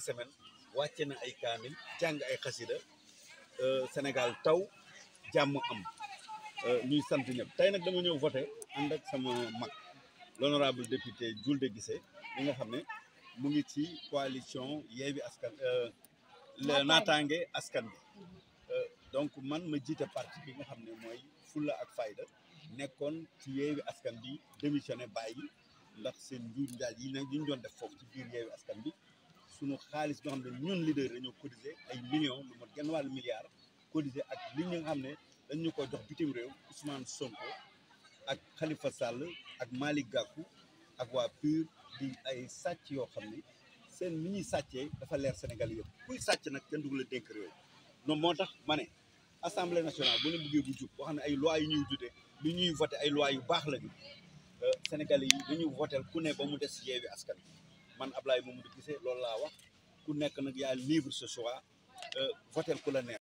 semaine wàcce na ay kaamil jàng ay xasida euh, Sénégal taw jàmm am euh, ñuy sant ñëpp tey nag dama ñëw voté ànd ak sama mag l'honorable député Diouldé Guissé li nga xam ne mu ngi ci coalition Yewwi Askan euh, naataange askan bi donc man ma jiita parti bi nga xam ne mooy fulla ak fayda nekkoon ci Yewwi Askan bi démissionné bàyyi ndax seen njuuj njaaj yi nag ñu doon def foofu ci biir Yewwi Askan bi sunu xaalis bi nga xam ne ñun leader dañoo cotisé ay millions lu mot genn wàllu milliard cotisé ak li ñu nga xam ne dañu ñu ko jox bitim réew Ousmane Sonko ak xalifa Sall ak Malick gàkku ak waa PUR di ay sàcc yoo xam ne seen ni ñuy sàccee dafa leer Sénégal yëpp kuy sàcc nag kenn dugg la dénk réew moo tax ma ne assemblée nationale bu ñu buggee bu jub boo xam ne ay loi yu ñuy jude li ñuy voté ay loi yu baax la bi euh, Sénégal yi dañuy votel ku ne ba mu des yeewi askan man Ablaye Mamadou Guissé loolu laa wax ku nekk nag yaa libre ce choix euh, votel ku la neex